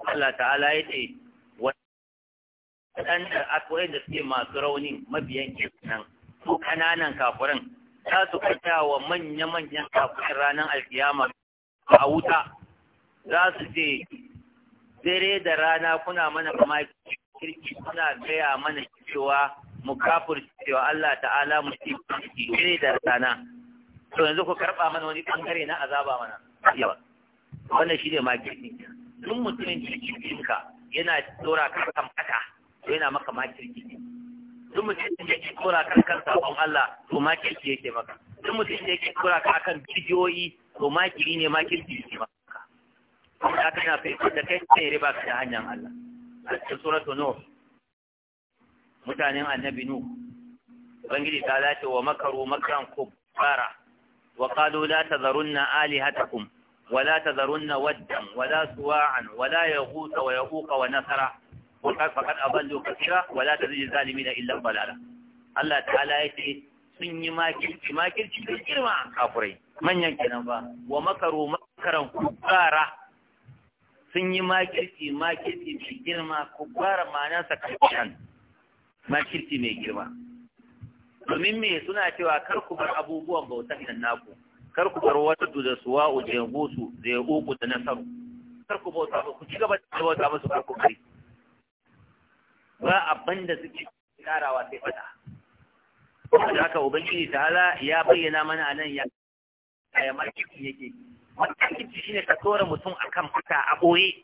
A: Allah ta'ala ya ce waɗanda akwai da suke masu rauni mabiyan nan su kananan kafuran za su kanya wa manya-manyan kafuran ranar alkiyama a wuta za su je dare da rana kuna mana mamaki kirki suna gaya mana cewa mu cewa Allah ta'ala mu ci ne da rana to yanzu ku karba mana wani bangare na azaba mana yawa wannan shi ne makirki duk mutumin ka yana tsora kankan kan fata to yana maka makirki duk mutumin da yake tsora kan kan sabon Allah to makirki yake maka duk mutumin da yake tsora ka kan bidiyoyi to makiri ne makirki yake maka kuma haka na fahimtar da kai ne riba ka ta hanyar Allah a cikin suratu nuh mutanen annabi nuh ubangiji ta lace wa makaru makran kubbara wa qalu la tadharunna alihatakum wa la tadharunna waddan wa la suwa'an wa la yaghut wa yaquq wa nasara wa qad faqad adallu kathira wa la tazid zalimina illa balala Allah ta'ala yace sun yi makirci makirci da girma kafurai manyan kenan ba wa makaru makaran kubbara sun yi makirci makirci mai girma ku fara manansa kafiran makirci mai girma domin me suna cewa kar ku bar abubuwan bautan nan naku kar ku bar waddu da suwa'u da gusu da uku da nasaru kar ku bauta ku ci gaba da bauta musu kar ku bari ba abin da suke karawa sai fada saboda haka ubangiji ta'ala ya bayyana mana anan ya ya makirci yake shi shine ka tsora mutum akan fita a ɓoye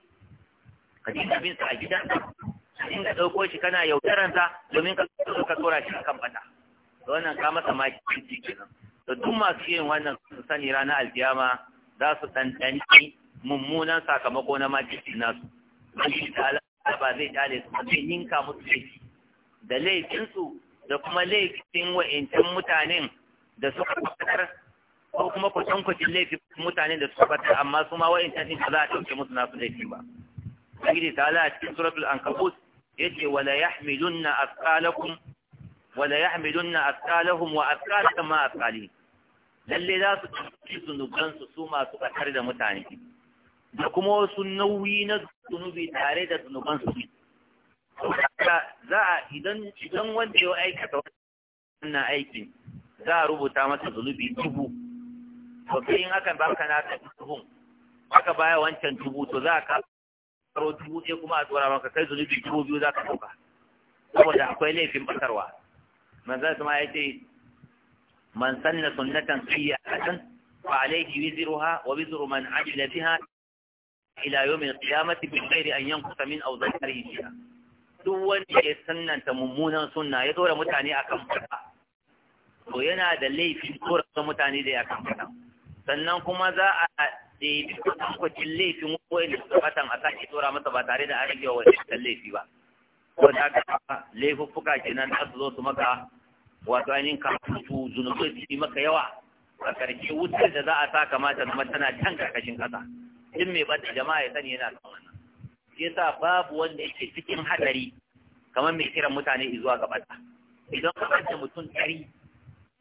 A: ka dinga bin sa a gidansa ka ɗauko shi kana yaudaranta domin ka ka tsora shi akan fata da wannan ka masa makikinci kenan to duk masu yin wannan su sani rana alkiyama za su ɗanɗani mummunan sakamako na makikin nasu ba zai tale su zai ninka musu laifi da laifinsu da kuma laifin wa'incan mutanen da suka fitar ko kuma kwatankwacin laifin mutanen da suka bata amma su ma wa'in tafi ba za a ɗauke musu nasu laifi ba ubangiji ta ala a cikin suratul ankabut ya wala yahmilunna asqalakum wala na asqalahum wa asqalakum ma askali. lalle za su ci zunuban su su masu ƙasar da mutane da kuma wasu nauyi na zunubi tare da zunuban su za a idan idan wanda ya aikata wannan aikin za a rubuta masa zunubi dubu to kai in aka baka na ta dubu aka baya wancan dubu to za ka karo dubu ɗaya kuma a tsora maka kai zunubi dubu biyu za ka ɗauka saboda akwai laifin bakarwa manzan ma ya ce man sanna sunnatan sayyatan fa alayhi wizruha wa wizru man amila biha ila yawmil qiyamati bi ghairi an yanqusa min awzarihi shay'a duk wanda ya sannanta mummunan sunna ya tsora mutane akan fada to yana da laifin tsora mutane da ya kan fada sannan kuma za a ɗebi kwatankwacin laifin wani watan a sake tsora masa ba tare da an rage wa wani laifi ba ko da ka laifuffuka kenan da su zo su maka wato ainihin kafutu zunubai su yi maka yawa a ƙarshe wutar da za a sa kamata zama tana can ƙarƙashin ƙasa in mai bata jama'a ya sani yana son wannan yasa babu wanda yake cikin haɗari kamar mai kiran mutane izuwa ga ɓata? idan ka mutum ɗari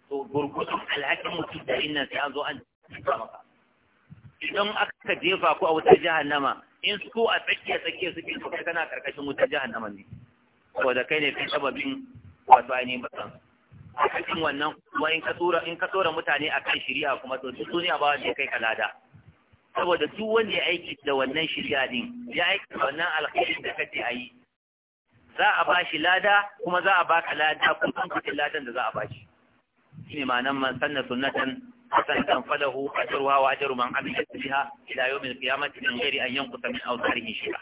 A: to gurgudun alhakin mutum ɗari nan sai an zo an idan aka jefa ku a wutar jahannama in su a tsakiya tsakiya suke to kai kana karkashin wutar jahannama ne da kai ne kai sababin wato ainihin batsan a cikin wannan kuma in ka tsora in ka tsora mutane a kan shari'a kuma to duk duniya ba wanda kai kalada saboda duk wanda ya aiki da wannan shari'a din ya aiki da wannan alkhairin da a yi. za a ba shi lada kuma za a ba ka lada kuma kan ladan da za a ba shi shine ma'anar man sanna sunnatan حسنة فله أجرها وأجر من عمل بها إلى يوم القيامة من غير أن ينقص من أوزاره شيئا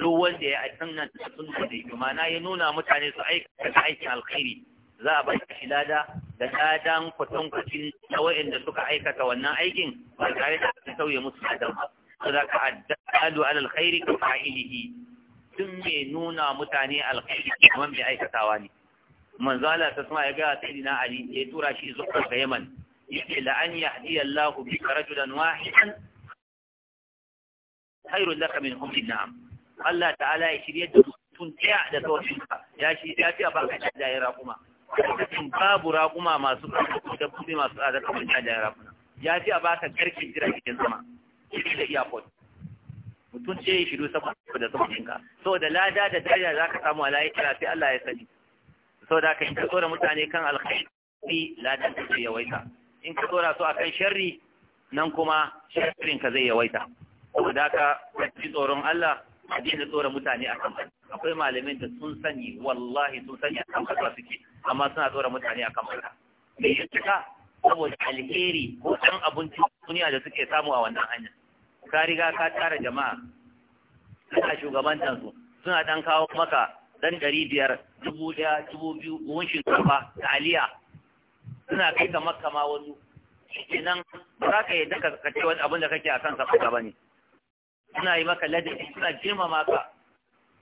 A: duk wanda ya nan da sunna da jumana ya nuna mutane su aikata aikin alkhairi za a bashi shi lada da ladan kwatankwacin na wa'inda suka aikata wannan aikin ba tare da su sauye musu ladan ba za ka addalu alal khairi ka fa'ilihi tun mai nuna mutane alkhairi kamar mai aikatawa ne manzala ta suma ya gaya sayyidina ali ya tura shi zuwa ga yaman yake la an yahdi Allah bika rajulan wahidan khairul laka min humri na'am Allah ta'ala ya shirya da mutum ɗaya da sautin ka ya shi ya fi baka da jayin raƙuma cikin babu raƙuma masu ƙarfi da kuɗi masu tsada kamar da jayin raƙuma ya fi baka garkin jiragen sama shi da airport mutum ce ya shiru saboda sautin ka da lada da dariya za ka samu a layi, kira sai Allah ya sani da ka yi ka tsora mutane kan alkhairi ladan ta ce yawaita in ka tsora su akan sharri nan kuma sharrin ka zai yawaita saboda haka ji tsoron Allah a daina tsora mutane akan akwai malamin da sun sani wallahi sun sani akan kasuwa suke amma suna tsora mutane akan bata me yasa saboda alheri ko ɗan abinci duniya da suke samu a wannan hanya ka riga ka tara jama'a kana shugabantan su suna dan kawo maka ɗan ɗari biyar dubu ɗaya dubu biyu buhun shinkafa da aliya suna kai ga makka ma wasu kenan ba za ka yi daga ce wani abin da kake a kansa kuka ba ne suna yi maka ladabi suna jima maka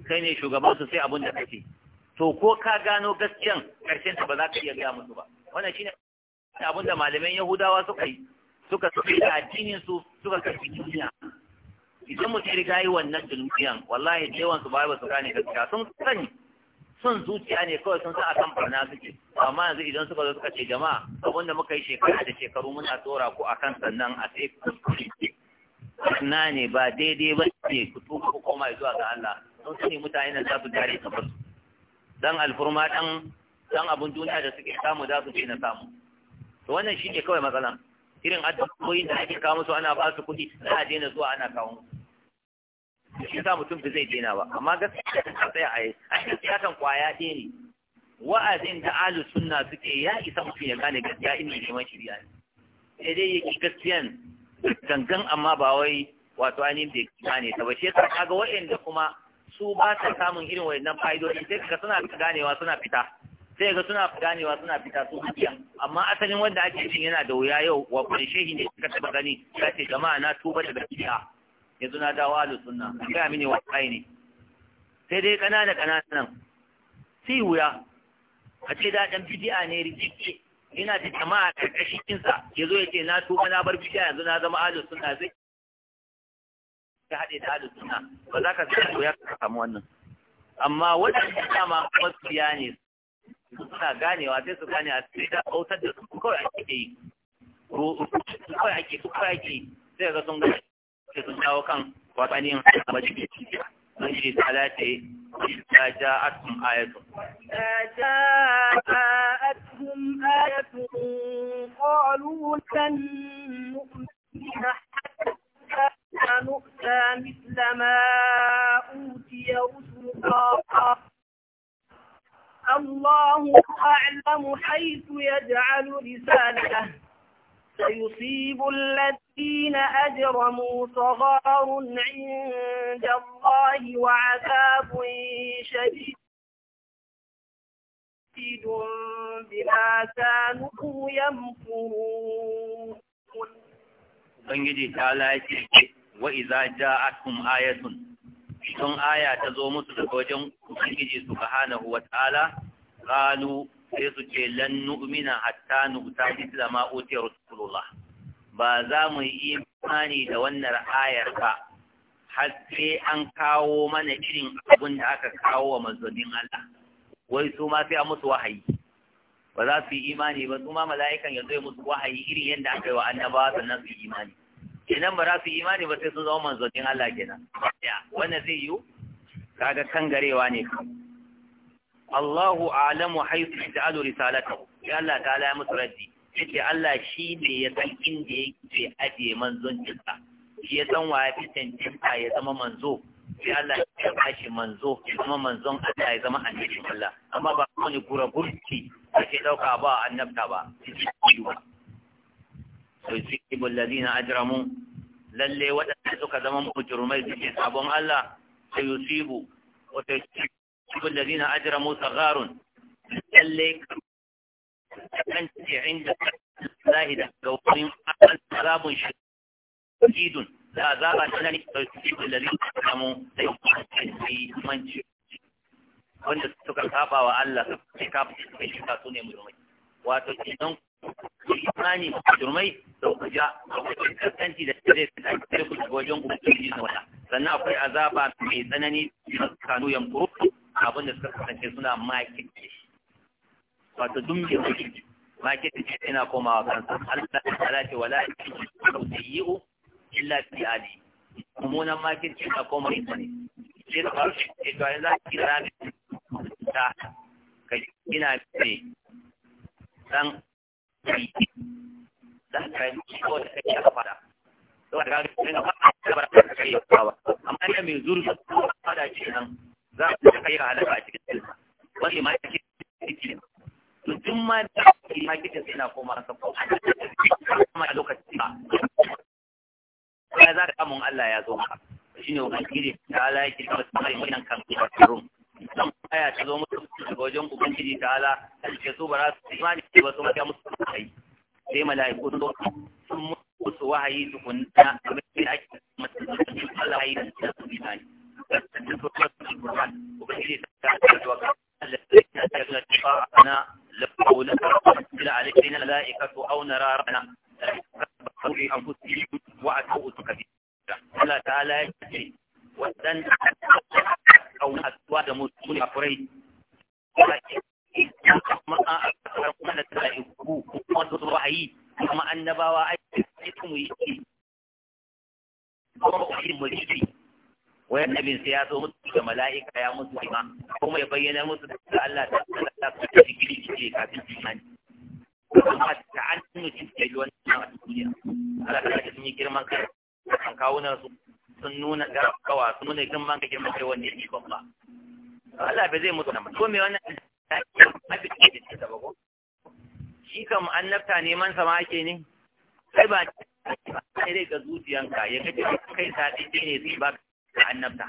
A: kai ne shugaban su sai abin da kake to ko ka gano gaskiyan karshen ta ba za ka iya gaya musu ba wannan shine abin da malaman yahudawa suka yi suka tafi da addinin su suka karbi duniya idan mutum riga yi wannan dulmiyan wallahi da su ba ba su gane gaskiya sun sani sun zuciya ne kawai sun sa a kan barna suke amma yanzu idan suka zo suka ce jama'a abin da muka yi shekara da shekaru muna tsora ko a kan sannan a sai na ne ba daidai ba ne ku tuka ku koma zuwa ga Allah sun sani mutane na za su gare ka basu dan alfurma dan dan abun duniya da suke samu za su na samu to wannan shi ne kawai matsalan irin addu'o'in da ake kawo musu ana ba su kuɗi za a daina zuwa ana kawo musu shi sa mutum da zai daina ba amma gaskiya ta tsaya a yi a kan kwaya ɗaya ne wa'azin da alu sunna suke ya isa mutum ya gane gaskiya inda neman shirya ne sai dai yake gaskiya gangan amma ba wai wato ainihin bai gane ta ba shi yasa kaga wa'anda kuma su ba ta samun irin wayannan fa'idodi sai ka suna ganewa suna fita sai ga suna ganewa suna fita su hakiya amma asalin wanda ake cin yana da wuya yau wa kun ne suka taɓa gani ya ce jama'a na tuba daga gaskiya yanzu na dawo ahlus sunna kai amini wallahi ne sai dai kanana kananan sai wuya a ce da dan bid'a ne rikici ina da jama'a karkashin sa yazo ya ce na tuka na bar bid'a yanzu na zama ahlus sunna sai ka haɗe da ahlus sunna ba za ka san ya ka samu wannan amma waɗanda ma maskiya ne suna ganewa sai su gane a sai da autar da su kawai ake yi kawai ake kawai ake sai ga sun gane sai sun dawo kan waɗannan wajibi وجه صلاته إذا جاءتهم آية
B: جاءتهم آية قالوا لن نؤمن حتى نؤتى مثل ما أوتي رسل الله الله أعلم حيث يجعل رسالته سيصيب الذين أجرموا صغار عند الله وعذاب شديد بما كانوا يمكرون
A: Ubangiji ta lafi wa iza ja'atkum ayatun tun aya ta zo musu daga wajen Ubangiji subhanahu wa ta'ala qalu sai suke ce lan nu'mina hatta nu'ta mithla ma utiya rasulullah ba za mu yi imani da wannan ayar ba har sai an kawo mana irin abin da aka kawo wa manzonin Allah wai su ma sai a musu wahayi ba za su yi imani ba su ma mala'ikan yanzu ya musu wahayi irin yadda aka yi wa annabawa sannan su yi imani kenan ba za su yi imani ba sai sun zama manzonin Allah kenan wannan zai yiwu kaga kangarewa ne kawai Allahu a'lamu haythu yaj'alu risalatahu ya Allah ta ya musu raddi yace Allah shi ne ya san inda ya aje manzoncin sa shi ya san waye fitan tinka ya zama manzo sai Allah ya bashi manzo ya zama manzon Allah ya zama annabin Allah amma ba wani kura gurki ke ɗauka ba annabta ba Su to yusibu alladhina ajramu lalle waɗanda suka zama mujrimai suke sabon Allah sai yusibu wata الذين أجرموا صغار لك أنت عند الله ده قوم عذاب شديد لا عذاب أنني أصيب الذين أجرموا سيقوم في منشئ wanda suka saba wa Allah suka kafa suka shi ta sune mujrimai wato idan imani mujrimai da kuja da kanti da zai tsaya ku wajen ubangiji na wata sannan akwai azaba mai tsanani kanu yankuru abin da suka kasance suna market wato dun mai kuɗi market da yana komawa kansa Allah ta tsara ce wala yusiyu illa fi ali mummunan market ce na koma ita ne sai da faru ce to yanzu za ki ne ta ka gina ce dan dan kan ko da kake fada to da ga ina fada da ba ka kai ba amma ne mai zurfi da shi nan za a kuma kai halaka a cikin sinima wani ma ake cikin to tun ma da ake ma kitin sina koma sa ko kuma a lokacin ba sai za ka kamun Allah ya zo shi ne wani ubangiji ta ala yake da mai wani kan kuma rum dan aya ta zo musu daga wajen ubangiji ta ala a cikin su bara su ne ba su mafiya musu kai sai mala'iku sun zo sun musu wahayi tukunna abin da ake masu musu Allah ya yi da su ta ne فالنبي صلى الله عليه وسلم وبحيث تعتمد وكان الذين تجد نرى ربنا bayyana musu da Allah ta Allah ta da digiri ce kafin imani kuma ta an mutum da wannan a duniya Allah ta ta yi girman kai an kawo na su sun nuna garkawa sun nuna girman kai girman kai wanda yake babba Allah bai zai mutu ko me wannan abin da yake da bako. shi kam annabta neman sama ake ne kai ba kai dai ga zuciyanka ya kace kai sa ne zai ba annabta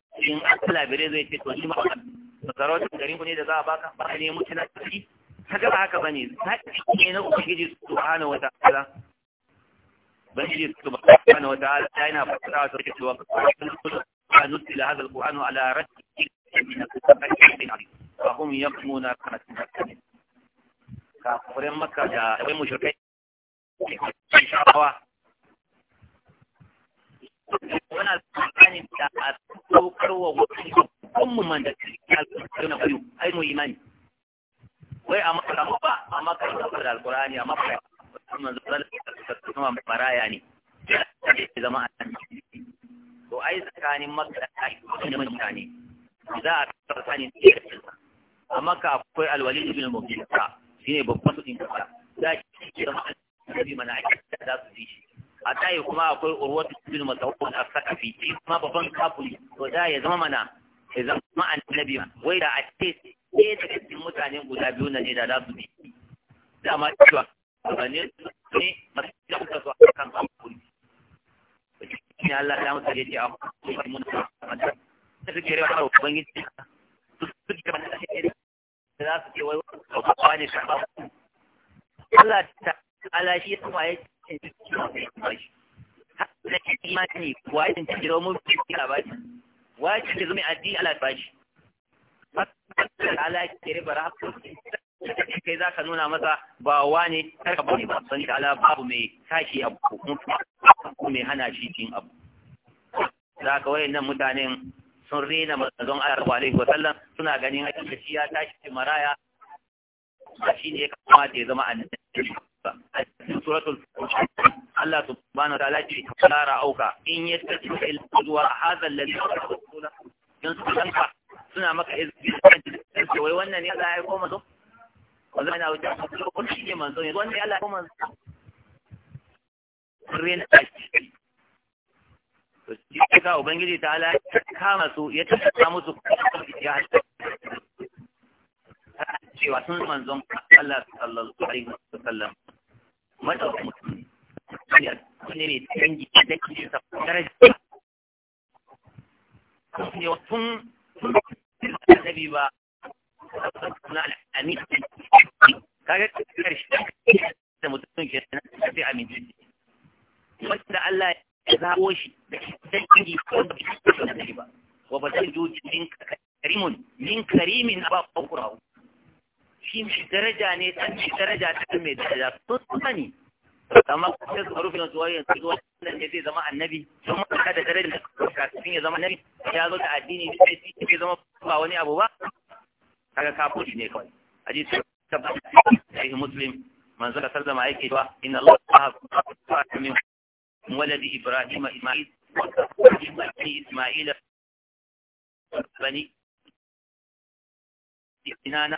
A: in Allah bare zai ce to shi ma sarautar garin ku ne da za a baka ba ne mutu na tafi ka ba haka bane haƙƙi ne na ubangiji subhanahu wataala ubangiji subhanahu wataala ta yana fasara wa sarki cewa ka nuti la hadal qur'an ala rajulin min al-qur'an fa hum yaqmuna qanatin hakan ka furen makka da wai mushrikai shawa wana tsammanin da a saukar wa wani ummu man da alƙur'ani na biyu ai mu imani
B: wai a makarantu ba a
A: makarantu da alƙur'ani a makarantu manzo zalla da kuma baraya ne
B: da
A: zama a nan to ai tsakanin makaranta da mutane za a tsakanin a maka akwai alwalid ibn mubin shine babban su din kasa za ki zama annabi mana ake da su ji shi a tayi kuma akwai urwatu bin mas'ud a sakafi shi kuma babban kafuli to da ya zama mana ya zama annabi wai da a ce ne da cikin mutane guda biyu na ne da za su bi ma cewa ne ne da kuka so a kan ne Allah ya mutu ya ce a kuma mun da su mana da za su ce wai wani shafa Allah ta ala shi kuma ya imani wa yi tantar jiro mun fi kira ba shi wa yi tantar zumi addini ala ba shi ala ke riba rafu kai za ka nuna masa ba wa ne karka bari ba sani da ala babu mai tashi abu ko mai hana shi cin abu za ka wayan nan mutanen sun rena mazan Allah sallallahu alaihi wasallam suna ganin hakika shi ya tashi maraya ba ne ya kamata ya zama annabi a cikin suratul Allah subhanahu wa ta'ala ce la ra'auka in yattabi'u illa zuwa hadha alladhi rasula dan su suna maka izinin wai wannan ne Allah ya aiko manzo wanda wuce ko shi ne manzo ne wanda ya aiko manzo to shi ka ubangiji ta kama su ya tabbata musu ya hatta cewa sun manzon Allah sallallahu alaihi wasallam madaukakin mutum ya ne ne dangi da ke sa daraja ne tun annabi ba na al'ani kaga karshe da mutum ke nan sai aminci wanda Allah ya zabo shi da dangi ko da shi ba wa bazan jujin karimun min karimin aba qura'u shi mai daraja ne ɗan mai daraja ta mai daraja sun sani amma sai su rufe su wayan su zuwa nan ne zai zama annabi sun maka da daraja da kafin ya zama annabi ya zo da addini sai shi zai zama ba wani abu ba kaga kafuri ne kawai aji tabbata sai muslim manzo da sallama yake cewa inna Allah ta'ala min waladi ibrahim isma'il wa isma'il
B: bani inana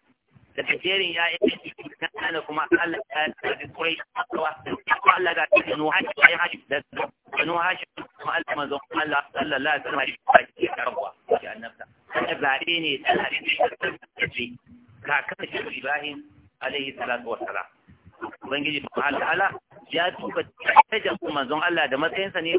A: da tajerin ya yi kana kuma Allah ya tafi kurai Kuma Allah ga tafi nu haji ya haji da nu haji kuma Allah manzo Allah sallallahu alaihi wasallam ya karwa ya annabta kana zabe ne dan hadisi ce kakan shi Ibrahim alaihi salatu wassalam ubangiji subhanahu wa ya tuba tajan manzon Allah da matsayinsa ne